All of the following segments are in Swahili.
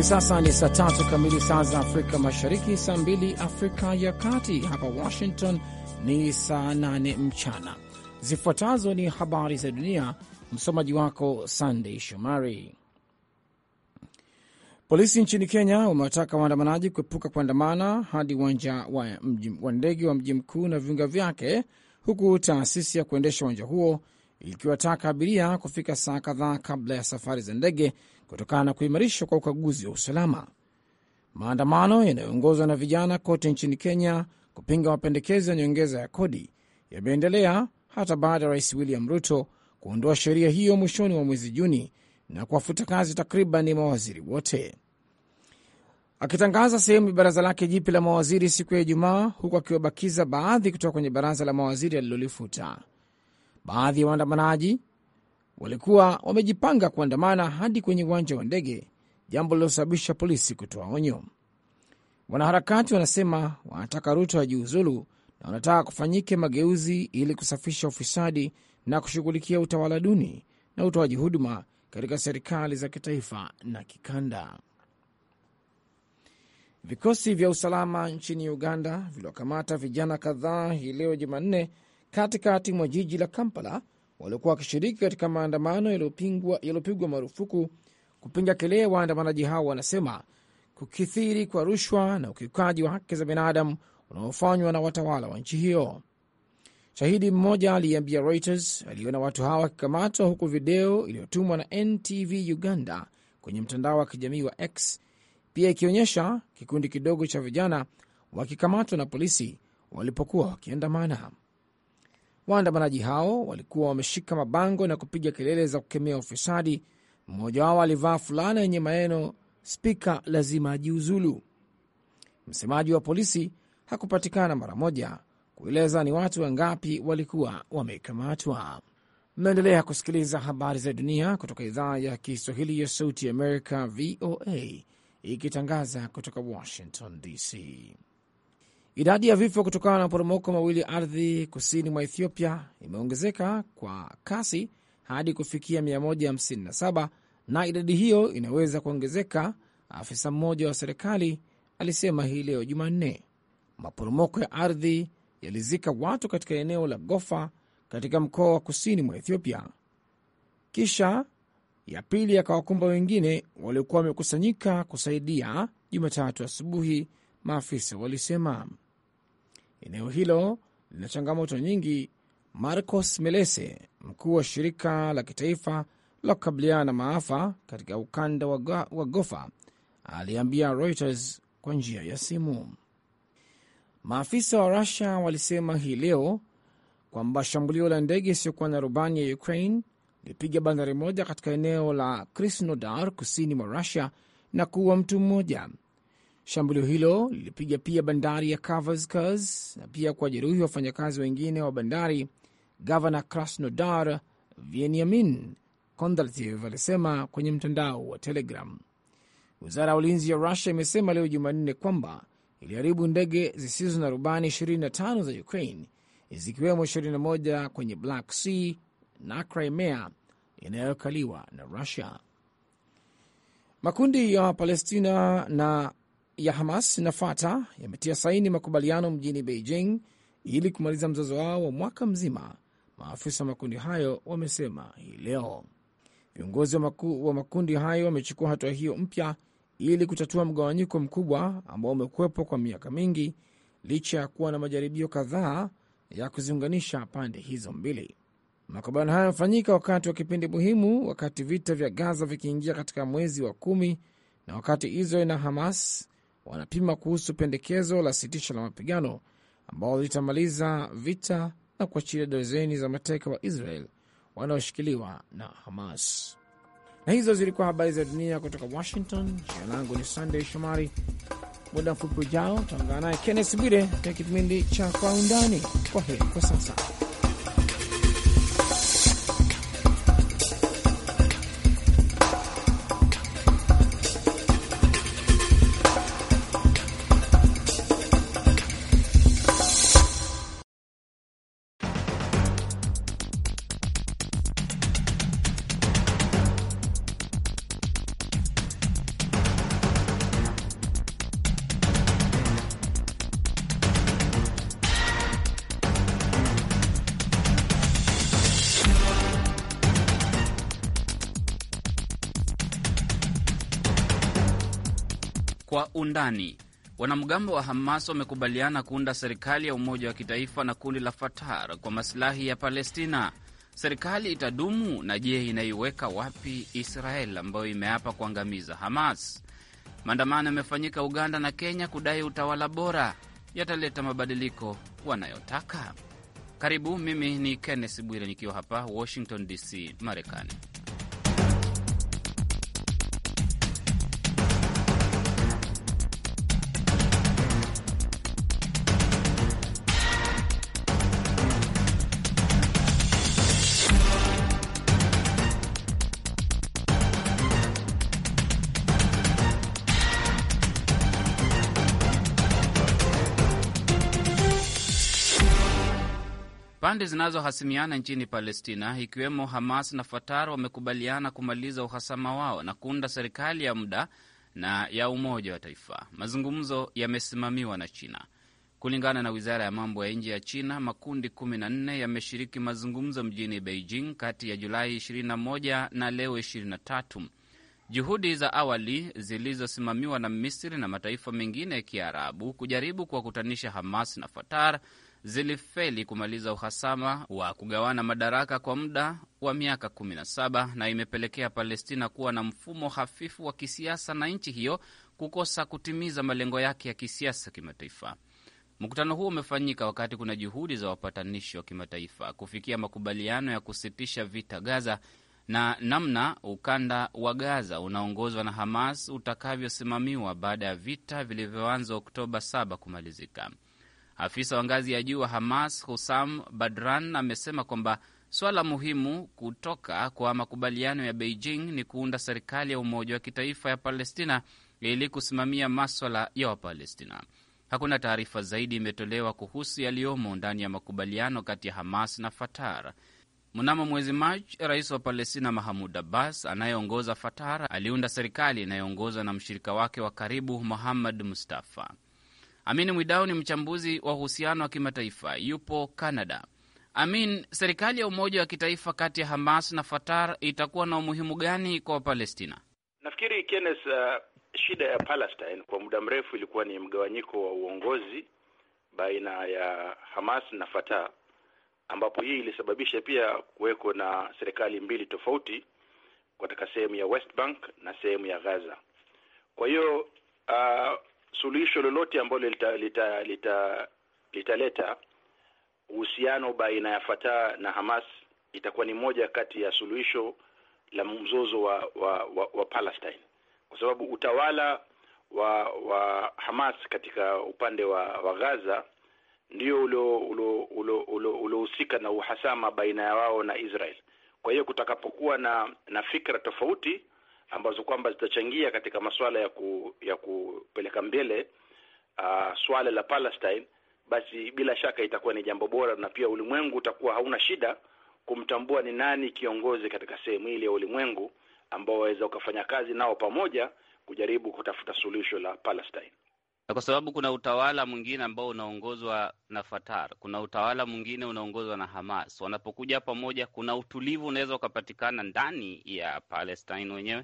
Hivi sasa ni saa tatu kamili saa za Afrika Mashariki, saa mbili Afrika ya Kati. Hapa Washington ni saa nane mchana. Zifuatazo ni habari za dunia, msomaji wako Sandey Shomari. Polisi nchini Kenya wamewataka waandamanaji kuepuka kuandamana hadi uwanja wa ndege wa mji mkuu na viunga vyake, huku taasisi ya kuendesha uwanja huo ikiwataka abiria kufika saa kadhaa kabla ya safari za ndege kutokana na kuimarishwa kwa ukaguzi wa usalama. Maandamano yanayoongozwa na vijana kote nchini Kenya kupinga mapendekezo ya nyongeza ya kodi yameendelea hata baada ya rais William Ruto kuondoa sheria hiyo mwishoni mwa mwezi Juni na kuwafuta kazi takriban mawaziri wote. Akitangaza sehemu ya baraza lake jipya la mawaziri siku ya Ijumaa, huku akiwabakiza baadhi kutoka kwenye baraza la mawaziri alilolifuta, baadhi ya waandamanaji walikuwa wamejipanga kuandamana hadi kwenye uwanja wa ndege, jambo lililosababisha polisi kutoa onyo. Wanaharakati wanasema wanataka Ruto ajiuzulu na wanataka kufanyike mageuzi ili kusafisha ufisadi na kushughulikia utawala duni na utoaji huduma katika serikali za kitaifa na kikanda. Vikosi vya usalama nchini Uganda viliwakamata vijana kadhaa hii leo Jumanne katikati mwa jiji la Kampala waliokuwa wakishiriki katika maandamano yaliyopigwa marufuku kupinga kile waandamanaji hao wanasema kukithiri kwa rushwa na ukiukaji wa haki za binadamu unaofanywa na watawala wa nchi hiyo. Shahidi mmoja aliambia Reuters aliona watu hawa wakikamatwa, huku video iliyotumwa na NTV Uganda kwenye mtandao wa kijamii wa X pia ikionyesha kikundi kidogo cha vijana wakikamatwa na polisi walipokuwa wakiandamana. Waandamanaji hao walikuwa wameshika mabango na kupiga kelele za kukemea ufisadi. Mmoja wao alivaa fulana yenye maneno spika lazima ajiuzulu. Msemaji wa polisi hakupatikana mara moja kueleza ni watu wangapi walikuwa wamekamatwa. Mnaendelea kusikiliza habari za dunia kutoka idhaa ya Kiswahili ya Sauti ya Amerika, VOA, ikitangaza kutoka Washington DC. Idadi ya vifo kutokana na maporomoko mawili ardhi kusini mwa Ethiopia imeongezeka kwa kasi hadi kufikia 157 na idadi hiyo inaweza kuongezeka, afisa mmoja wa serikali alisema hii leo Jumanne. Maporomoko ya ardhi yalizika watu katika eneo la Gofa katika mkoa wa kusini mwa Ethiopia, kisha ya pili yakawakumba wengine waliokuwa wamekusanyika kusaidia Jumatatu asubuhi maafisa walisema. Eneo hilo lina changamoto nyingi. Marcos Melese, mkuu wa shirika la kitaifa la kukabiliana na maafa katika ukanda wa Gofa, aliambia Reuters kwa njia ya simu. Maafisa wa Rusia walisema hii leo kwamba shambulio la ndege isiyokuwa na rubani ya Ukraine lilipiga bandari moja katika eneo la Krasnodar kusini mwa Rusia na kuua mtu mmoja Shambulio hilo lilipiga pia bandari ya Kavkaz na pia jeruhi wafanyakazi wengine wa bandari. Gavana Krasnodar Vieniamin Kondratiev alisema kwenye mtandao wa Telegram. Wizara ya ulinzi ya Rusia imesema leo Jumanne kwamba iliharibu ndege zisizo na rubani 25 za Ukraine, zikiwemo 21 kwenye Black Sea na Crimea inayokaliwa na Rusia. Makundi ya Wapalestina na ya Hamas na Fatah yametia saini makubaliano mjini Beijing ili kumaliza mzozo wao wa mwaka mzima, maafisa wa makundi hayo wamesema hii leo. Viongozi wa, maku, wa makundi hayo wamechukua hatua hiyo mpya ili kutatua mgawanyiko mkubwa ambao umekuwepo kwa miaka mingi licha ya kuwa na majaribio kadhaa ya kuziunganisha pande hizo mbili. Makubaliano hayo yamefanyika wakati wa kipindi muhimu, wakati vita vya Gaza vikiingia katika mwezi wa kumi na wakati Israel na Hamas wanapima kuhusu pendekezo la sitisho la mapigano ambao litamaliza vita na kuachilia dozeni za mateka wa Israel wanaoshikiliwa na Hamas. Na hizo zilikuwa habari za dunia kutoka Washington. Jina langu ni Sandey Shomari. Muda mfupi ujao utaungana naye Kennes Bwire katika kipindi cha Kwa Undani. Kwa heri kwa sasa. Sudani. Wanamgambo wa Hamas wamekubaliana kuunda serikali ya umoja wa kitaifa na kundi la Fatah kwa masilahi ya Palestina. Serikali itadumu na je, inaiweka wapi Israel ambayo imeapa kuangamiza Hamas? Maandamano yamefanyika Uganda na Kenya kudai utawala bora. Yataleta mabadiliko wanayotaka? Karibu, mimi ni Kenneth Bwire nikiwa hapa Washington DC, Marekani. Pande zinazohasimiana nchini Palestina, ikiwemo Hamas na Fatah, wamekubaliana kumaliza uhasama wao na kuunda serikali ya muda na ya umoja wa taifa. Mazungumzo yamesimamiwa na China. Kulingana na wizara ya mambo ya nje ya China, makundi 14 yameshiriki mazungumzo mjini Beijing kati ya Julai 21 na leo 23. Juhudi za awali zilizosimamiwa na Misri na mataifa mengine ya Kiarabu kujaribu kuwakutanisha Hamas na Fatah zilifeli kumaliza uhasama wa kugawana madaraka kwa muda wa miaka 17 na imepelekea Palestina kuwa na mfumo hafifu wa kisiasa na nchi hiyo kukosa kutimiza malengo yake ya kisiasa kimataifa. Mkutano huo umefanyika wakati kuna juhudi za wapatanishi wa kimataifa kufikia makubaliano ya kusitisha vita Gaza na namna ukanda wa Gaza unaongozwa na Hamas utakavyosimamiwa baada ya vita vilivyoanza Oktoba 7 kumalizika. Afisa wa ngazi ya juu wa Hamas Hussam Badran amesema kwamba swala muhimu kutoka kwa makubaliano ya Beijing ni kuunda serikali ya umoja wa kitaifa ya Palestina ili kusimamia maswala ya Wapalestina. Hakuna taarifa zaidi imetolewa kuhusu yaliyomo ndani ya makubaliano kati ya Hamas na Fatar. Mnamo mwezi Machi, rais wa Palestina Mahmud Abbas anayeongoza Fatar aliunda serikali inayoongozwa na mshirika wake wa karibu Muhammad Mustafa. Amin Mwidau ni mchambuzi wa uhusiano wa kimataifa, yupo Canada. Amin, serikali ya umoja wa kitaifa kati ya Hamas na fatar itakuwa na umuhimu gani kwa Wapalestina? Nafikiri Kenneth, uh, shida ya Palestine kwa muda mrefu ilikuwa ni mgawanyiko wa uongozi baina ya Hamas na Fatah, ambapo hii ilisababisha pia kuweko na serikali mbili tofauti katika sehemu ya West Bank na sehemu ya Gaza. Kwa hiyo uh, suluhisho lolote ambalo litaleta lita, lita, lita uhusiano baina ya Fatah na Hamas itakuwa ni moja kati ya suluhisho la mzozo wa, wa, wa, wa Palestine kwa sababu utawala wa wa Hamas katika upande wa, wa Gaza ndio uliohusika na uhasama baina ya wao na Israel. Kwa hiyo kutakapokuwa na na fikra tofauti ambazo kwamba zitachangia katika masuala ya ku, ya kupeleka mbele uh, swala la Palestine, basi bila shaka itakuwa ni jambo bora, na pia ulimwengu utakuwa hauna shida kumtambua ni nani kiongozi katika sehemu ile ya ulimwengu ambao waweza ukafanya kazi nao pamoja kujaribu kutafuta suluhisho la Palestine, kwa sababu kuna utawala mwingine ambao unaongozwa na Fatah, kuna utawala mwingine unaongozwa na Hamas. Wanapokuja pamoja, kuna utulivu unaweza ukapatikana ndani ya Palestine wenyewe.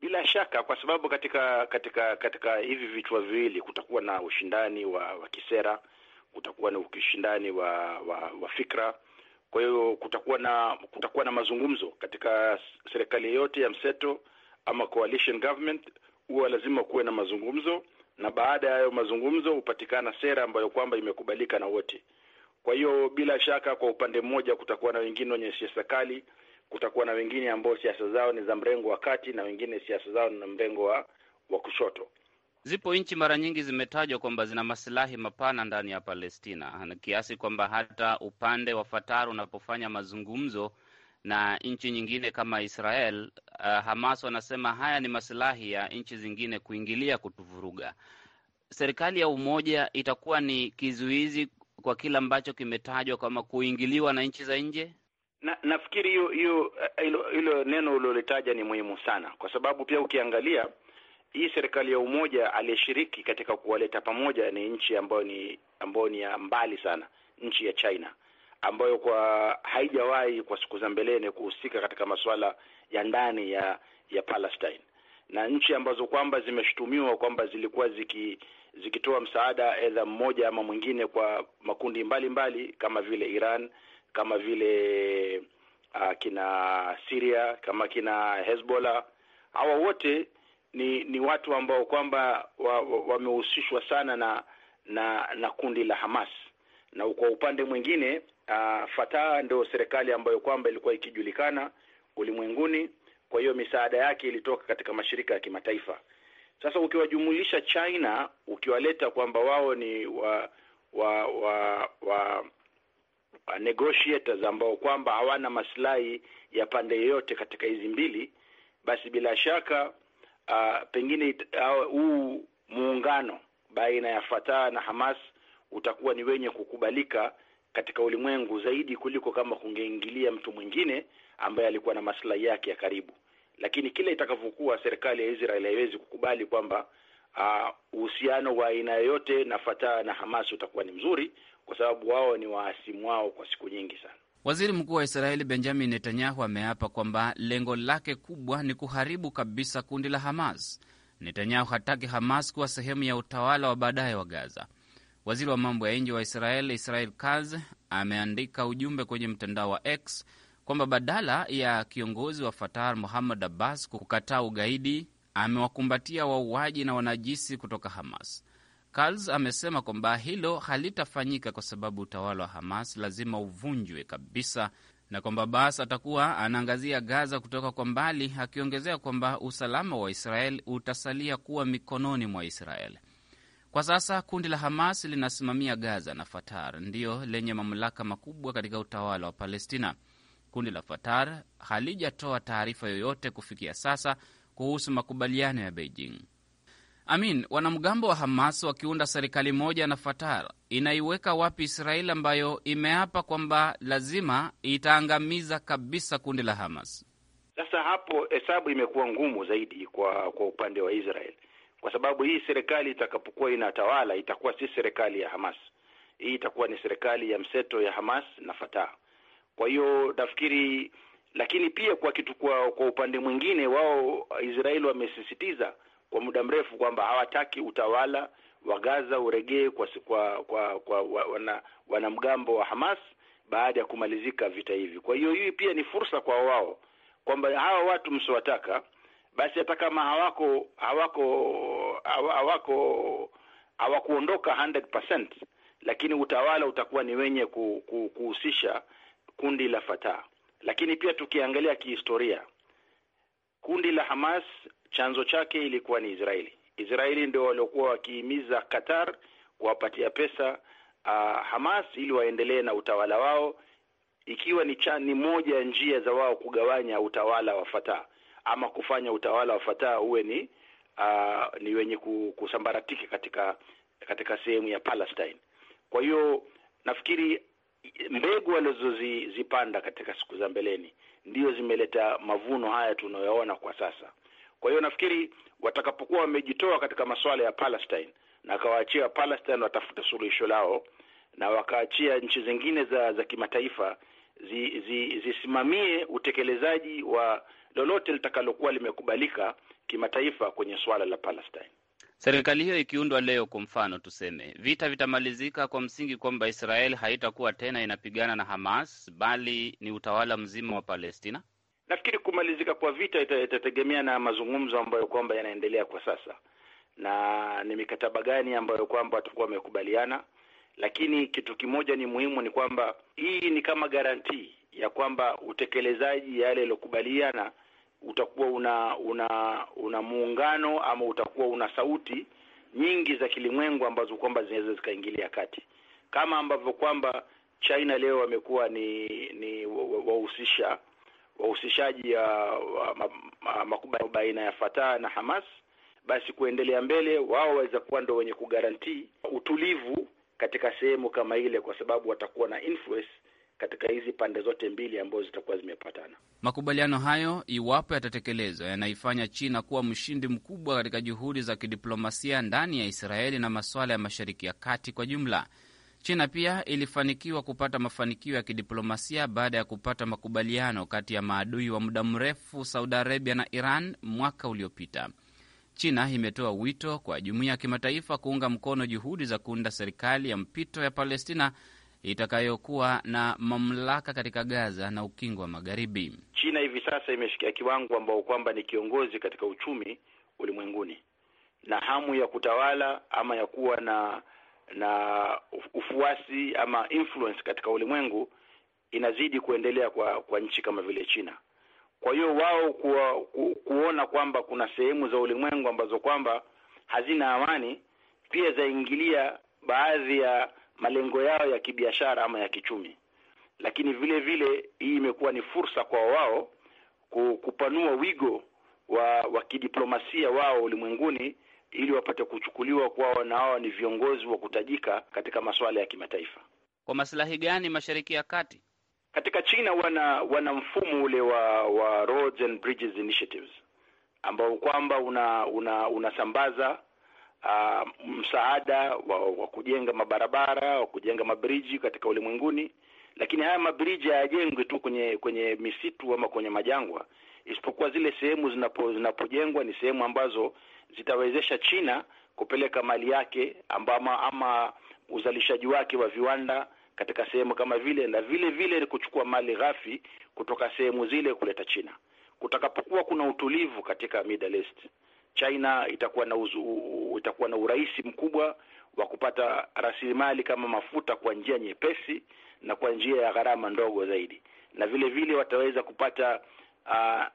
Bila shaka kwa sababu katika katika katika hivi vichwa viwili kutakuwa na ushindani wa, wa kisera, kutakuwa na ushindani wa, wa, wa fikra. Kwa hiyo kutakuwa na kutakuwa na mazungumzo katika serikali yote ya mseto ama coalition government, huwa lazima kuwe na mazungumzo, na baada ya hayo mazungumzo hupatikana sera ambayo kwamba imekubalika na wote. Kwa hiyo bila shaka, kwa upande mmoja kutakuwa na wengine wenye siasa kali kutakuwa na wengine ambao siasa zao ni za mrengo wa kati na wengine siasa zao ni za mrengo wa, wa kushoto. Zipo nchi mara nyingi zimetajwa kwamba zina masilahi mapana ndani ya Palestina kiasi kwamba hata upande wa Fatah unapofanya mazungumzo na nchi nyingine kama Israel, uh, Hamas wanasema haya ni masilahi ya nchi zingine kuingilia kutuvuruga. Serikali ya umoja itakuwa ni kizuizi kwa kile ambacho kimetajwa kama kuingiliwa na nchi za nje na nafikiri hiyo hiyo eh, hilo neno ulilolitaja ni muhimu sana, kwa sababu pia ukiangalia hii serikali ya umoja aliyeshiriki katika kuwaleta pamoja ni nchi ambayo ni ambayo ni ya mbali sana, nchi ya China ambayo kwa haijawahi kwa siku za mbeleni kuhusika katika masuala ya ndani ya ya Palestine na nchi ambazo kwamba zimeshutumiwa kwamba zilikuwa ziki zikitoa msaada edha mmoja ama mwingine kwa makundi mbalimbali mbali, kama vile Iran kama vile uh, kina Syria kama kina Hezbollah. Hawa wote ni ni watu ambao kwamba wamehusishwa wa, wa sana na na na kundi la Hamas, na kwa upande mwingine uh, Fatah ndio serikali ambayo kwamba ilikuwa ikijulikana ulimwenguni, kwa hiyo misaada yake ilitoka katika mashirika ya kimataifa. Sasa ukiwajumulisha China, ukiwaleta kwamba wao ni wa wa wa, wa Uh, negotiators ambao kwamba hawana masilahi ya pande yoyote katika hizi mbili, basi bila shaka uh, pengine huu uh, muungano baina ya Fatah na Hamas utakuwa ni wenye kukubalika katika ulimwengu zaidi kuliko kama kungeingilia mtu mwingine ambaye alikuwa na maslahi yake ya karibu. Lakini kile itakavyokuwa, serikali ya Israel haiwezi kukubali kwamba uh, uhusiano wa aina yoyote na Fatah na Hamas utakuwa ni mzuri, kwa sababu wao ni waasimu wao kwa siku nyingi sana. Waziri Mkuu wa Israeli Benjamin Netanyahu ameapa kwamba lengo lake kubwa ni kuharibu kabisa kundi la Hamas. Netanyahu hataki Hamas kuwa sehemu ya utawala wa baadaye wa Gaza. Waziri wa mambo ya nje wa Israel Israel Katz ameandika ujumbe kwenye mtandao wa X kwamba badala ya kiongozi wa Fatah Muhammad Abbas kukataa ugaidi, amewakumbatia wauaji na wanajisi kutoka Hamas. Karls amesema kwamba hilo halitafanyika kwa sababu utawala wa Hamas lazima uvunjwe kabisa na kwamba Baas atakuwa anaangazia Gaza kutoka kwa mbali, akiongezea kwamba usalama wa Israel utasalia kuwa mikononi mwa Israel. Kwa sasa kundi la Hamas linasimamia Gaza na Fatar ndiyo lenye mamlaka makubwa katika utawala wa Palestina. Kundi la Fatar halijatoa taarifa yoyote kufikia sasa kuhusu makubaliano ya Beijing. Amin, wanamgambo wa Hamas wakiunda serikali moja na Fatah inaiweka wapi Israeli ambayo imeapa kwamba lazima itaangamiza kabisa kundi la Hamas? Sasa hapo hesabu imekuwa ngumu zaidi kwa kwa upande wa Israel, kwa sababu hii serikali itakapokuwa inatawala itakuwa si serikali ya Hamas, hii itakuwa ni serikali ya mseto ya Hamas na Fatah. Kwa hiyo nafikiri, lakini pia kwa kitu, kwa kwa upande mwingine, wao Israeli wamesisitiza kwa muda mrefu kwamba hawataki utawala wa Gaza uregee kwa, kwa, kwa, kwa wana, wanamgambo wa Hamas baada ya kumalizika vita hivi. Kwa hiyo hii pia ni fursa kwa wao kwamba hawa watu msiwataka, basi hata kama hawako hawako hawako hawakuondoka 100% lakini utawala utakuwa ni wenye kuhusisha kundi la Fatah. Lakini pia tukiangalia kihistoria, kundi la Hamas chanzo chake ilikuwa ni Israeli. Israeli ndio waliokuwa wakihimiza Qatar kuwapatia pesa uh, Hamas ili waendelee na utawala wao, ikiwa ni ni moja ya njia za wao kugawanya utawala wa Fatah ama kufanya utawala wa Fatah uwe ni uh, ni wenye kusambaratika katika katika sehemu ya Palestine. Kwa hiyo nafikiri mbegu walizozipanda katika siku za mbeleni ndiyo zimeleta mavuno haya tunayoona kwa sasa. Kwa hiyo nafikiri watakapokuwa wamejitoa katika masuala ya Palestine na akawaachia Palestine watafute suluhisho lao na wakaachia nchi zingine za za kimataifa zi, zi, zisimamie utekelezaji wa lolote litakalokuwa limekubalika kimataifa kwenye suala la Palestine. Serikali hiyo ikiundwa leo, kwa mfano tuseme, vita vitamalizika kwa msingi kwamba Israel haitakuwa tena inapigana na Hamas, bali ni utawala mzima wa Palestina. Nafikiri kumalizika kwa vita itategemea na mazungumzo ambayo kwamba yanaendelea kwa sasa na ni mikataba gani ambayo kwamba watakuwa wamekubaliana. Lakini kitu kimoja ni muhimu, ni kwamba hii ni kama garantii ya kwamba utekelezaji yale yaliyokubaliana utakuwa una una una muungano ama utakuwa una sauti nyingi za kilimwengu ambazo kwamba zinaweza zikaingilia kati, kama ambavyo kwamba China leo wamekuwa ni ni wahusisha wahusishaji wa makubaliano baina ya Fatah na Hamas, basi kuendelea mbele wao waweza kuwa ndo wenye kugarantii utulivu katika sehemu kama ile, kwa sababu watakuwa na influence katika hizi pande zote mbili ambazo zitakuwa zimepatana. Makubaliano hayo, iwapo yatatekelezwa, yanaifanya China kuwa mshindi mkubwa katika juhudi za kidiplomasia ndani ya Israeli na masuala ya Mashariki ya Kati kwa jumla. China pia ilifanikiwa kupata mafanikio ya kidiplomasia baada ya kupata makubaliano kati ya maadui wa muda mrefu Saudi Arabia na Iran mwaka uliopita. China imetoa wito kwa jumuiya ya kimataifa kuunga mkono juhudi za kuunda serikali ya mpito ya Palestina itakayokuwa na mamlaka katika Gaza na ukingo wa Magharibi. China hivi sasa imefikia kiwango ambao kwamba ni kiongozi katika uchumi ulimwenguni, na hamu ya kutawala ama ya kuwa na na ufuasi ama influence katika ulimwengu inazidi kuendelea kwa kwa nchi kama vile China. Kwa hiyo wao ku, kuona kwamba kuna sehemu za ulimwengu ambazo kwamba hazina amani pia zaingilia baadhi ya malengo yao ya kibiashara ama ya kichumi, lakini vile vile hii imekuwa ni fursa kwa wao kupanua wigo wa wa kidiplomasia wao ulimwenguni ili wapate kuchukuliwa kwao na hawa ni viongozi wa kutajika katika masuala ya kimataifa. Kwa maslahi gani Mashariki ya Kati? Katika China wana wana mfumo ule wa wa Roads and Bridges Initiatives ambao kwamba una unasambaza uh, msaada wa, wa kujenga mabarabara wa kujenga mabriji katika ulimwenguni, lakini haya mabriji hayajengwi tu kwenye kwenye misitu ama kwenye majangwa, isipokuwa zile sehemu zinapo zinapojengwa ni sehemu ambazo zitawezesha China kupeleka mali yake ambama, ama uzalishaji wake wa viwanda katika sehemu kama vile, na vile vile kuchukua mali ghafi kutoka sehemu zile kuleta China. Kutakapokuwa kuna utulivu katika Middle East, China itakuwa na uzu, itakuwa na urahisi mkubwa wa kupata rasilimali kama mafuta kwa njia nyepesi na kwa njia ya gharama ndogo zaidi, na vile vile wataweza kupata Ah,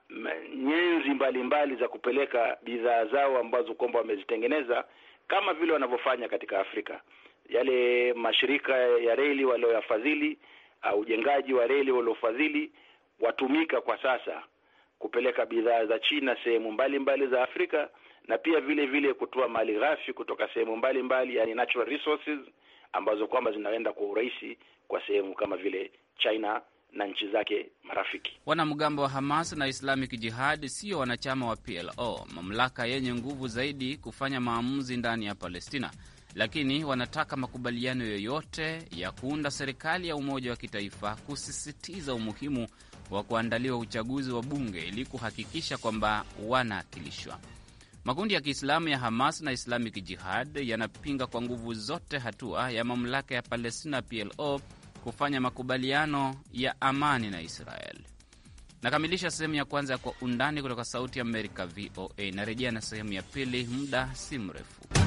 nyenzi mbalimbali za kupeleka bidhaa zao ambazo kwamba wamezitengeneza kama vile wanavyofanya katika Afrika. Yale mashirika ya reli walioyafadhili, uh, ujengaji wa reli waliofadhili watumika kwa sasa kupeleka bidhaa za China sehemu mbalimbali za Afrika na pia vile vile kutoa mali ghafi kutoka sehemu mbalimbali, yani natural resources ambazo kwamba zinaenda kwa urahisi kwa sehemu kama vile China na nchi zake marafiki. Wanamgambo wa Hamas na Islamic Jihad sio wanachama wa PLO, mamlaka yenye nguvu zaidi kufanya maamuzi ndani ya Palestina, lakini wanataka makubaliano yoyote ya kuunda serikali ya umoja wa kitaifa, kusisitiza umuhimu wa kuandaliwa uchaguzi wa bunge ili kuhakikisha kwamba wanaakilishwa. Makundi ya Kiislamu ya Hamas na Islamic Jihad yanapinga kwa nguvu zote hatua ya mamlaka ya Palestina PLO kufanya makubaliano ya amani na Israel. Nakamilisha sehemu ya kwanza ya Kwa Undani kutoka Sauti ya Amerika, VOA. Narejea na sehemu ya pili muda si mrefu.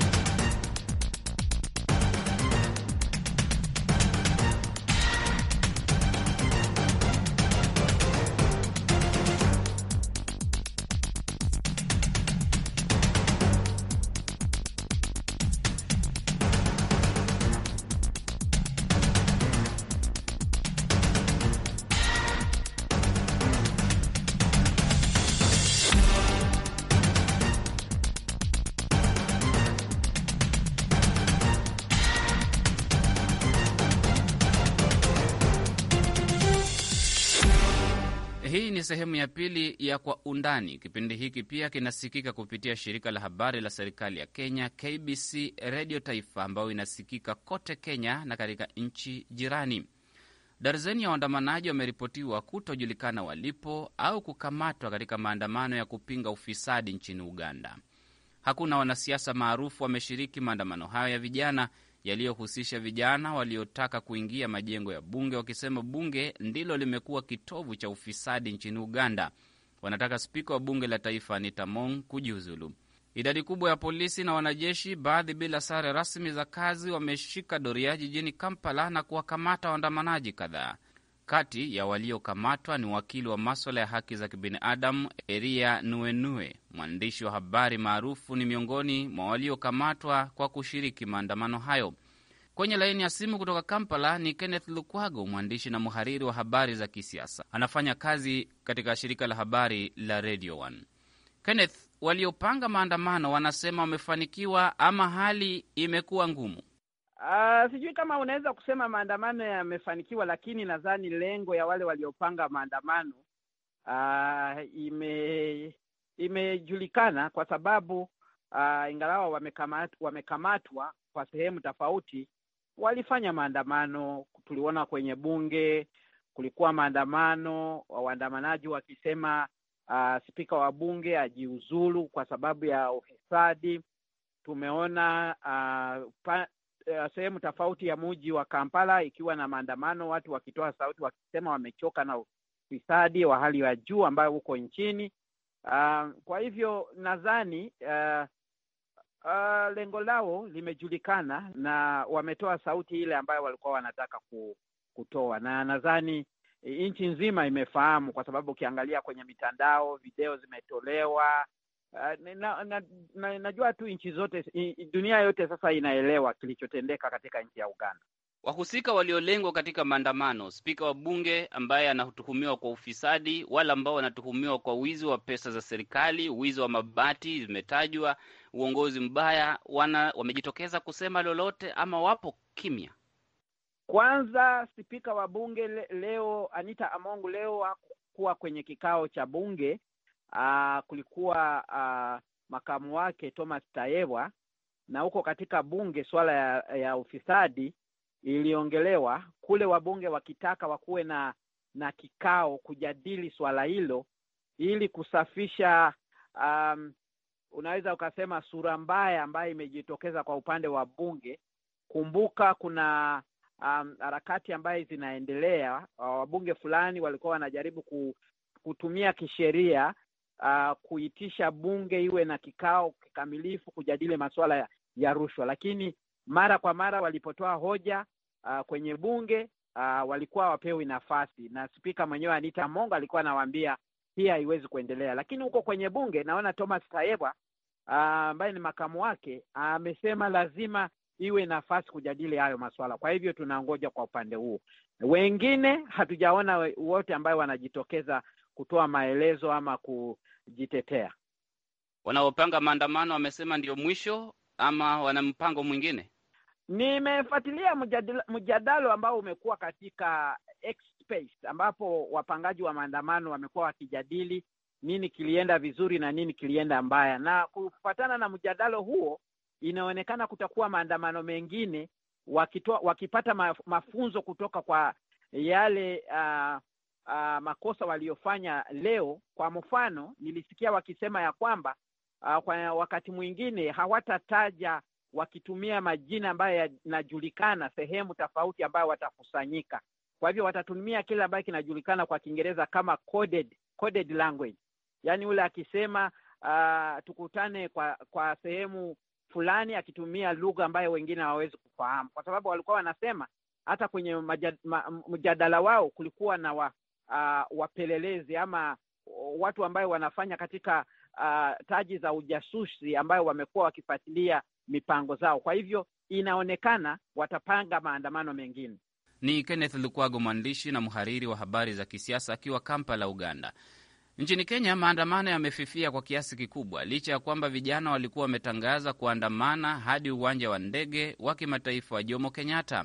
Hii ni sehemu ya pili ya Kwa Undani. Kipindi hiki pia kinasikika kupitia shirika la habari la serikali ya Kenya, KBC Redio Taifa, ambayo inasikika kote Kenya na katika nchi jirani. Darzeni ya waandamanaji wameripotiwa kutojulikana walipo au kukamatwa katika maandamano ya kupinga ufisadi nchini Uganda. Hakuna wanasiasa maarufu wameshiriki maandamano hayo ya vijana yaliyohusisha vijana waliotaka kuingia majengo ya bunge wakisema bunge ndilo limekuwa kitovu cha ufisadi nchini Uganda. Wanataka spika wa bunge la taifa Anita Mong kujiuzulu. Idadi kubwa ya polisi na wanajeshi, baadhi bila sare rasmi za kazi, wameshika doria jijini Kampala na kuwakamata waandamanaji kadhaa. Kati ya waliokamatwa ni wakili wa maswala ya haki za kibinadamu Eria Nuenue, mwandishi wa habari maarufu, ni miongoni mwa waliokamatwa kwa kushiriki maandamano hayo. Kwenye laini ya simu kutoka Kampala ni Kenneth Lukwago, mwandishi na mhariri wa habari za kisiasa, anafanya kazi katika shirika la habari la Radio One. Kenneth, waliopanga maandamano wanasema wamefanikiwa ama hali imekuwa ngumu? Uh, sijui kama unaweza kusema maandamano yamefanikiwa, lakini nadhani lengo ya wale waliopanga maandamano uh, ime imejulikana kwa sababu uh, ingawa wamekamat, wamekamatwa kwa sehemu tofauti, walifanya maandamano. Tuliona kwenye bunge kulikuwa maandamano, waandamanaji wakisema uh, spika wa bunge ajiuzulu kwa sababu ya ufisadi. Tumeona uh, pa, Eh, sehemu tofauti ya mji wa Kampala, ikiwa na maandamano, watu wakitoa sauti wakisema wamechoka na ufisadi wa hali ya juu ambayo uko nchini. Uh, kwa hivyo nadhani uh, uh, lengo lao limejulikana na wametoa sauti ile ambayo walikuwa wanataka ku, kutoa, na nadhani nchi nzima imefahamu, kwa sababu ukiangalia kwenye mitandao video zimetolewa, Uh, na, na, na, najua tu nchi zote dunia yote sasa inaelewa kilichotendeka katika nchi ya Uganda. Wahusika waliolengwa katika maandamano, spika wa bunge ambaye anatuhumiwa kwa ufisadi, wale ambao wanatuhumiwa kwa wizi wa pesa za serikali, wizi wa mabati zimetajwa, uongozi mbaya, wana wamejitokeza kusema lolote ama wapo kimya? Kwanza, spika wa bunge leo Anita Amongu leo hakuwa kwenye kikao cha bunge uh, kulikuwa uh, makamu wake Thomas Tayebwa, na huko katika bunge swala ya, ya ufisadi iliongelewa kule, wabunge wakitaka wakuwe na na kikao kujadili swala hilo ili kusafisha um, unaweza ukasema sura mbaya ambayo imejitokeza kwa upande wa bunge. Kumbuka kuna um, harakati um, ambayo zinaendelea, wabunge fulani walikuwa wanajaribu kutumia kisheria uh, kuitisha bunge iwe na kikao kikamilifu kujadili masuala ya, ya rushwa, lakini mara kwa mara walipotoa hoja uh, kwenye bunge uh, walikuwa wapewi nafasi, na spika mwenyewe Anita Mongo alikuwa anawaambia hii haiwezi kuendelea. Lakini huko kwenye bunge naona Thomas Tayebwa uh, ambaye uh, ni makamu wake amesema uh, lazima iwe nafasi kujadili hayo maswala Kwa hivyo tunangoja kwa upande huo, wengine hatujaona wote ambayo wanajitokeza kutoa maelezo ama ku, kujitetea. Wanaopanga maandamano wamesema ndio mwisho ama wana mpango mwingine? Nimefuatilia mjadalo ambao umekuwa katika X space, ambapo wapangaji wa maandamano wamekuwa wakijadili nini kilienda vizuri na nini kilienda mbaya, na kufuatana na mjadalo huo inaonekana kutakuwa maandamano mengine wakitoa, wakipata mafunzo kutoka kwa yale uh, uh, makosa waliofanya leo. Kwa mfano, nilisikia wakisema ya kwamba uh, kwa wakati mwingine hawatataja wakitumia majina ambayo yanajulikana sehemu tofauti ambayo watakusanyika. Kwa hivyo watatumia kile ambacho kinajulikana kwa Kiingereza kama coded, coded language, yaani ule akisema uh, tukutane kwa kwa sehemu fulani akitumia lugha ambayo wengine hawawezi kufahamu, kwa sababu walikuwa wanasema hata kwenye mjadala wao kulikuwa na wa, uh, wapelelezi ama watu ambayo wanafanya katika uh, taji za ujasusi ambayo wamekuwa wakifuatilia mipango zao. Kwa hivyo inaonekana watapanga maandamano mengine. Ni Kenneth Lukwago, mwandishi na mhariri wa habari za kisiasa akiwa Kampala, Uganda. Nchini Kenya, maandamano yamefifia kwa kiasi kikubwa, licha ya kwamba vijana walikuwa wametangaza kuandamana hadi uwanja wa ndege wa kimataifa wa Jomo Kenyatta.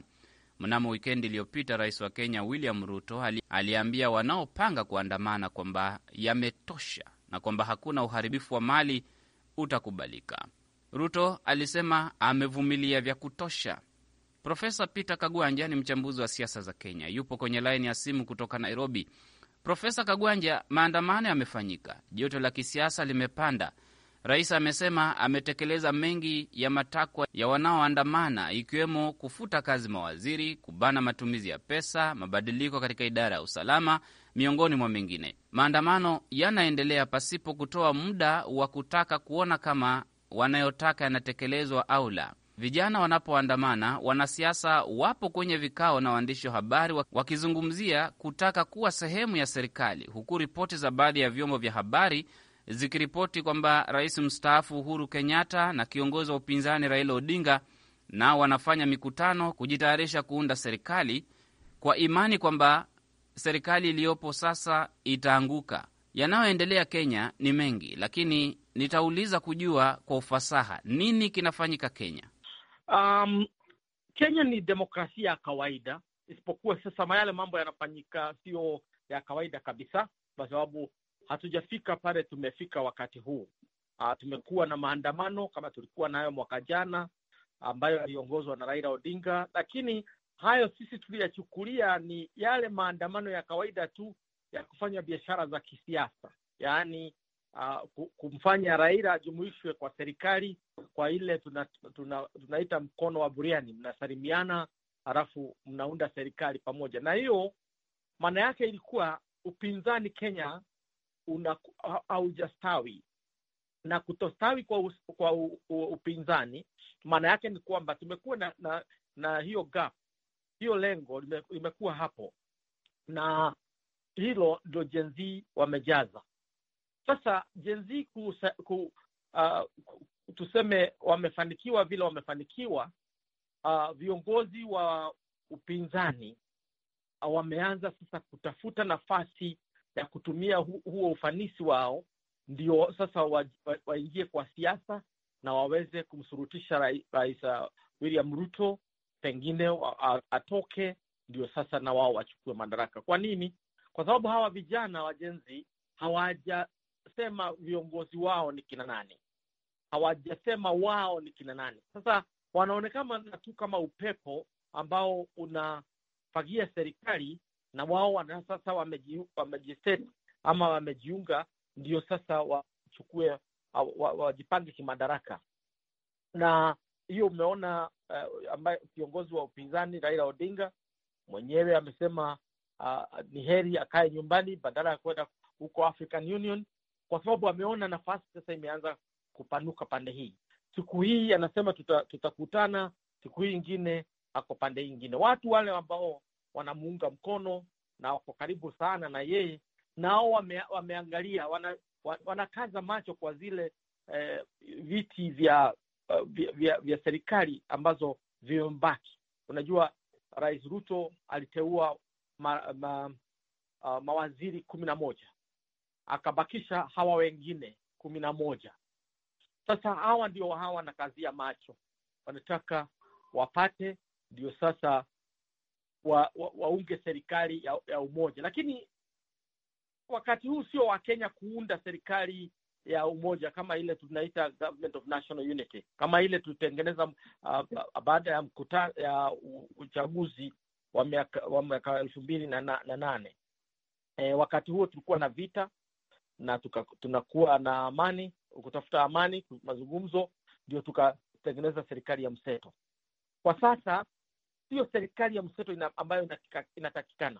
Mnamo wikendi iliyopita, rais wa Kenya William Ruto aliambia wanaopanga kuandamana kwamba yametosha na kwamba hakuna uharibifu wa mali utakubalika. Ruto alisema amevumilia vya kutosha. Profesa Peter Kagwanja ni mchambuzi wa siasa za Kenya, yupo kwenye laini ya simu kutoka Nairobi. Profesa Kagwanja, maandamano yamefanyika, joto la kisiasa limepanda. Rais amesema ametekeleza mengi ya matakwa ya wanaoandamana ikiwemo kufuta kazi mawaziri, kubana matumizi ya pesa, mabadiliko katika idara ya usalama, miongoni mwa mengine. Maandamano yanaendelea pasipo kutoa muda wa kutaka kuona kama wanayotaka yanatekelezwa au la. Vijana wanapoandamana, wanasiasa wapo kwenye vikao na waandishi wa habari wakizungumzia kutaka kuwa sehemu ya serikali, huku ripoti za baadhi ya vyombo vya habari zikiripoti kwamba rais mstaafu Uhuru Kenyatta na kiongozi wa upinzani Raila Odinga nao wanafanya mikutano kujitayarisha kuunda serikali kwa imani kwamba serikali iliyopo sasa itaanguka. Yanayoendelea Kenya ni mengi, lakini nitauliza kujua kwa ufasaha nini kinafanyika Kenya. Um, Kenya ni demokrasia ya kawaida, isipokuwa sasa yale mambo yanafanyika siyo ya kawaida kabisa, kwa sababu hatujafika pale tumefika wakati huu. Uh, tumekuwa na maandamano kama tulikuwa nayo mwaka jana ambayo yaliongozwa na Raila Odinga, lakini hayo sisi tuliyachukulia ni yale maandamano ya kawaida tu ya kufanya biashara za kisiasa, yaani uh, kumfanya Raila ajumuishwe kwa serikali kwa ile tuna, tuna, tunaita mkono wa buriani, mnasalimiana halafu mnaunda serikali pamoja. Na hiyo maana yake ilikuwa upinzani Kenya haujastawi na kutostawi kwa, us, kwa u, u, upinzani maana yake ni kwamba tumekuwa na, na na hiyo gap, hiyo lengo limekuwa hapo, na hilo ndio Gen Z wamejaza. Sasa Gen Z ku, ku, uh, tuseme wamefanikiwa vile wamefanikiwa. Uh, viongozi wa upinzani uh, wameanza sasa kutafuta nafasi ya kutumia hu, huo ufanisi wao ndio sasa waingie wa, wa kwa siasa na waweze kumsurutisha rais uh, William Ruto pengine wa, a, atoke, ndio sasa na wao wachukue madaraka. Kwa nini? Kwa sababu hawa vijana wajenzi hawajasema viongozi wao ni kina nani, hawajasema wao ni kina nani. Sasa wanaonekana tu kama upepo ambao unafagia serikali na wao wana sasa wameji, ama wamejiunga, ndio sasa wachukue wajipange kimadaraka. Na hiyo umeona uh, ambaye kiongozi wa upinzani Raila Odinga mwenyewe amesema uh, ni heri akae nyumbani badala ya kwenda huko African Union kwa sababu ameona nafasi sasa imeanza kupanuka pande hii. Siku hii anasema tutakutana, tuta siku hii ingine ako pande hii ingine. Watu wale ambao wanamuunga mkono na wako karibu sana na yeye, nao wame, wameangalia wana, wanakaza macho kwa zile eh, viti vya, eh, vya, vya, vya serikali ambazo vimebaki. Unajua, Rais Ruto aliteua ma, ma, ma, ah, mawaziri kumi na moja akabakisha hawa wengine kumi na moja. Sasa hawa ndio hawa wanakazia macho, wanataka wapate, ndio sasa waunge wa, wa serikali ya, ya umoja, lakini wakati huu sio Wakenya kuunda serikali ya umoja kama ile tunaita government of national unity, kama ile tulitengeneza uh, baada ya mkuta, ya uchaguzi wa miaka elfu mbili na, na, na nane. E, wakati huo tulikuwa na vita na tuka, tunakuwa na amani, kutafuta amani, mazungumzo, ndio tukatengeneza serikali ya mseto. Kwa sasa siyo serikali ya mseto ina, ambayo inatakikana.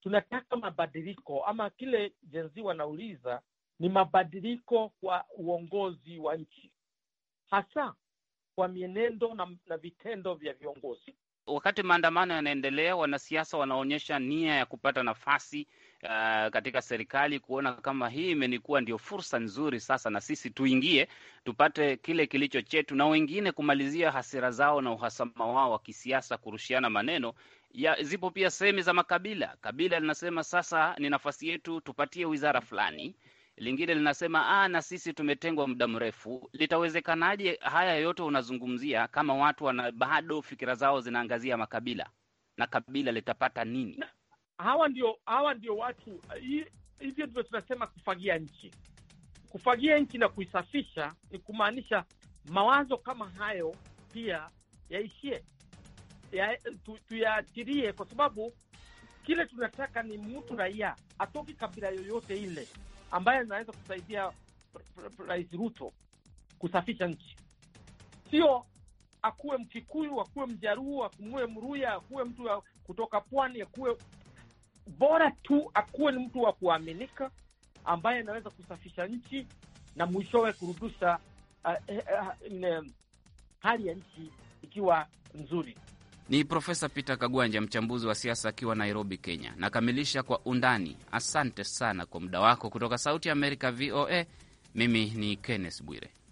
Tunataka mabadiliko ama kile jenzi wanauliza ni mabadiliko kwa uongozi wa nchi, hasa kwa mienendo na, na vitendo vya viongozi. Wakati maandamano yanaendelea, wanasiasa wanaonyesha nia ya kupata nafasi uh, katika serikali kuona kama hii imenikuwa ndio fursa nzuri sasa, na sisi tuingie tupate kile kilicho chetu, na wengine kumalizia hasira zao na uhasama wao wa kisiasa, kurushiana maneno ya. Zipo pia sehemu za makabila, kabila linasema sasa ni nafasi yetu, tupatie wizara fulani lingine linasema ah, na sisi tumetengwa muda mrefu. Litawezekanaje haya yote unazungumzia, kama watu wana bado fikira zao zinaangazia makabila na kabila litapata nini? hawa ndio hawa ndio watu hivyo, ndivyo tunasema kufagia nchi. Kufagia nchi na kuisafisha ni kumaanisha mawazo kama hayo pia yaishie, ya, tuyaachirie, kwa sababu kile tunataka ni mtu raia atoki kabila yoyote ile ambaye anaweza kusaidia Rais Ruto kusafisha nchi, sio akuwe Mkikuyu, akuwe mjaruu akumue Mruya, akuwe mtu kutoka pwani, akuwe bora tu akuwe ni mtu wa kuaminika ambaye anaweza kusafisha nchi na mwishowe kurudusha uh, uh, uh, uh, hali ya nchi ikiwa nzuri. Ni Profesa Peter Kagwanja, mchambuzi wa siasa akiwa Nairobi, Kenya. Nakamilisha kwa undani. Asante sana kwa muda wako. Kutoka Sauti ya Amerika, VOA, mimi ni Kenneth Bwire.